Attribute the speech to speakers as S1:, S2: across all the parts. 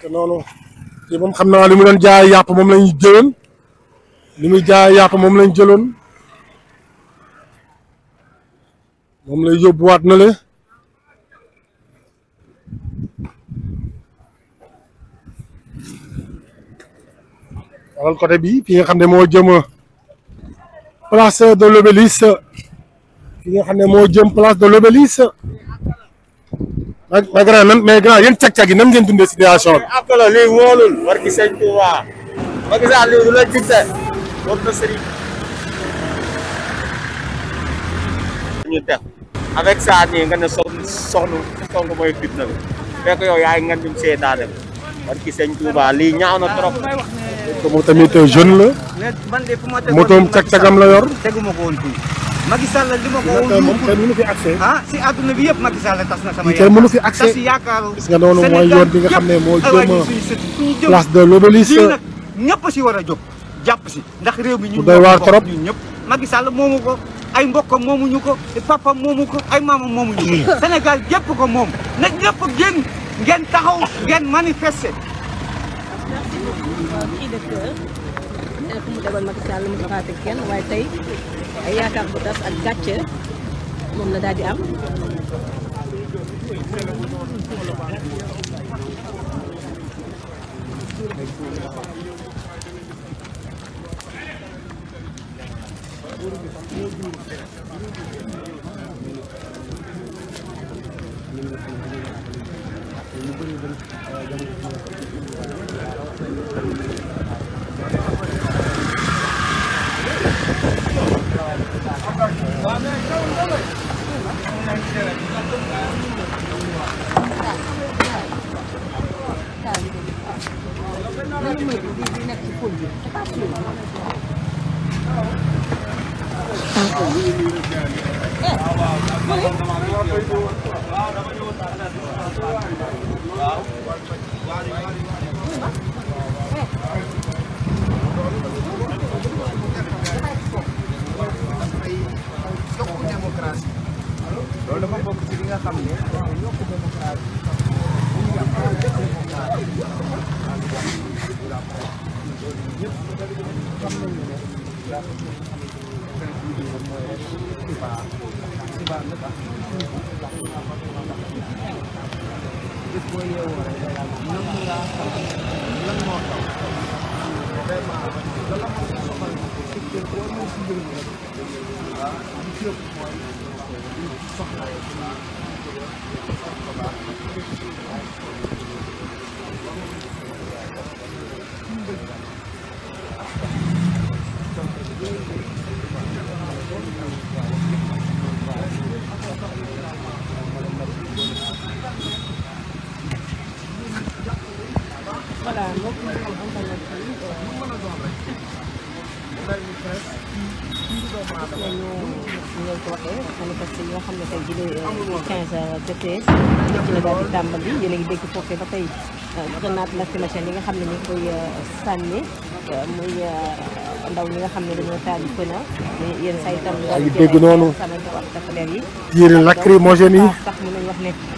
S1: parce que noonu li moom xam naa li mu doon jaay yàpp moom lañu jëloon li muy jaay yàpp moom lañ jëloon moom lay yóbbuwaat na le wala côté bi fi nga xam ne moo jëm place de l'Obélisque fi nga xam ne moo jëm place de l'Obélisque ma ma grand nan mais grand yéen cag-cag yi nan ngeen dundee situation bi. ak la lii wóolul war ki sëñ Tuuba ba gisaa lii du la gisee war na sëriñ ñu def avec ça nii nga ne soxna soxna soxna mooy fitna bi fekk yow yaay ngan ñu seetaane war ki sëñ Tuuba lii ñaaw na trop. moom tamit jeune la
S2: motoom cag-cagam la yor. teguma ko woon fii. Macky Sall li ma ko woo kenn fi accès ah si adu bi yëpp Macky tas na sama yaakaar kenn mënu fi accès tas yaakaaru gis nga noonu mooy yoon bi nga xam ne moo jëm place de l'Obélisque lii nag ñëpp si war a si ndax réew mi ñu doy waar trop ñun ñëpp Macky Sall moomu ko ay mbokkam moomuñu ko papa moomu ko ay maamam moomuñu ko mm. Sénégal gépp ko moom na ñëpp génn ngeen taxaw ngeen manifester waaye tey ay yaakaar bu tas ak gàcce moom la daal di am loolu dafa bokk ci li nga xam ne waaw voilà mbokk yi moom internet bi mu mën a doon rek mel ni presse nañu ñu leen ko waxee manifeste yi nga xam ne tey jii lay quinze heures jotee ñu ci la daal di tàmbali yéen a ngi dégg foofu ba tey grenade lacrymogène yi nga xam ne ñu ngi koy sànni muy ndaw ñi nga xam ne dañoo taal pën a yenn saa yi tam. yaa ngi dégg noonu. tiir lacrymogène yi sax mën nañu wax ne.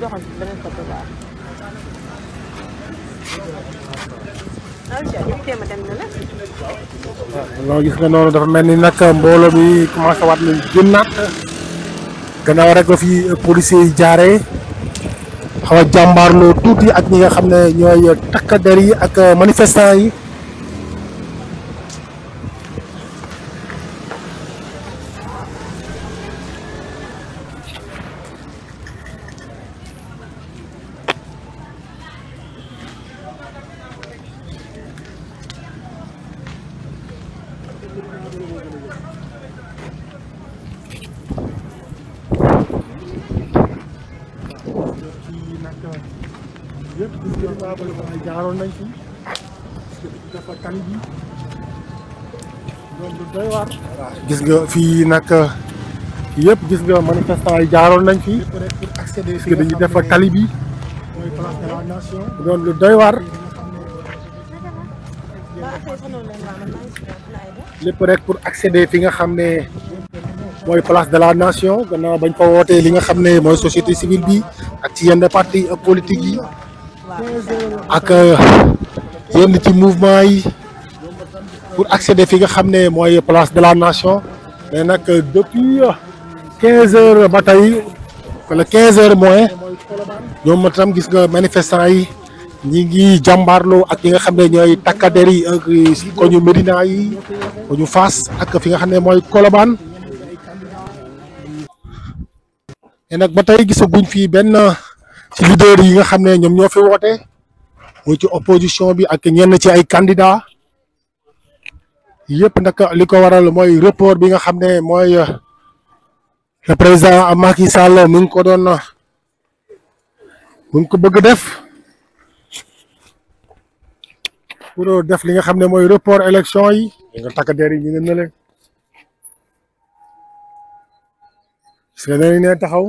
S2: doxal gis nga
S1: noonu dafa mel ni nag mbooloo mi commencé waat nañ génnaat gannaaw rek ba fi policiers yi jaaree xaw a jàmbaarloo tuuti ak ñi nga xam ne ñooy takk der yi ak manifestant yi. jaaroon nañ fi dafa tàng bi loolu gis nga fii nag yëpp gis nga manifestant yi jaaroon nañ fi parce que dañuy def kali bi loolu lu doy waar lépp rek pour accéder fi nga xam ne mooy place de la nation gannaaw bañ fa wootee li nga xam ne mooy société civile bi ak ci yenn parti politique yi ak euh, yenn ci mouvement yi pour accéder fi nga xam ne mooy place de la nation mais nag euh, depuis euh, quinze heures ba tey wala quinze heures moins ñoom itam gis nga manifestant yi ñi ngi jàmbaarloo ak ñi nga xam ne ñooy takkader yi ak koñu Médina yi koñu Fass ak fi nga xam ne mooy Colobane mais nag ba tey gisaguñ fii benn ci leader yi nga xam ne ñoom ñoo fi woote muy ci opposition bi ak ñenn ci ay candidat yëpp nag li ko waral mooy report bi nga xam ne mooy euh, le président Macky Sall mu ngi ko doon mu ngi ko bëgg def pour def li nga xam ne mooy report élection yi li nga takk der yi ñu ngi ne leen gis ne taxaw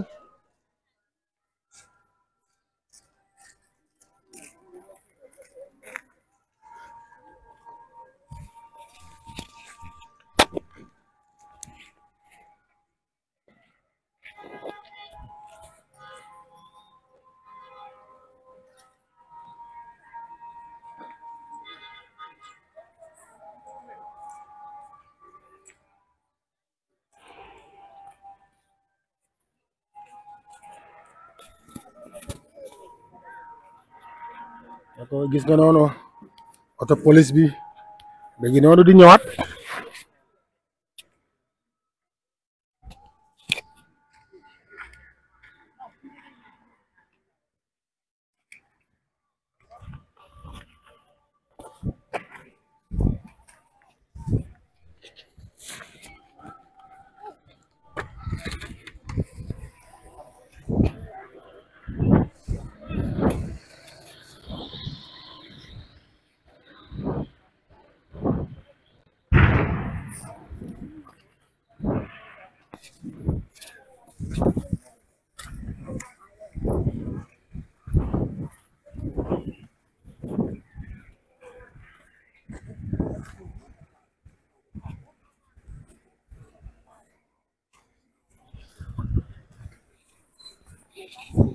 S1: ko gis nga noonu oto police bi dañu noonu di ñëwaat
S2: Yeah.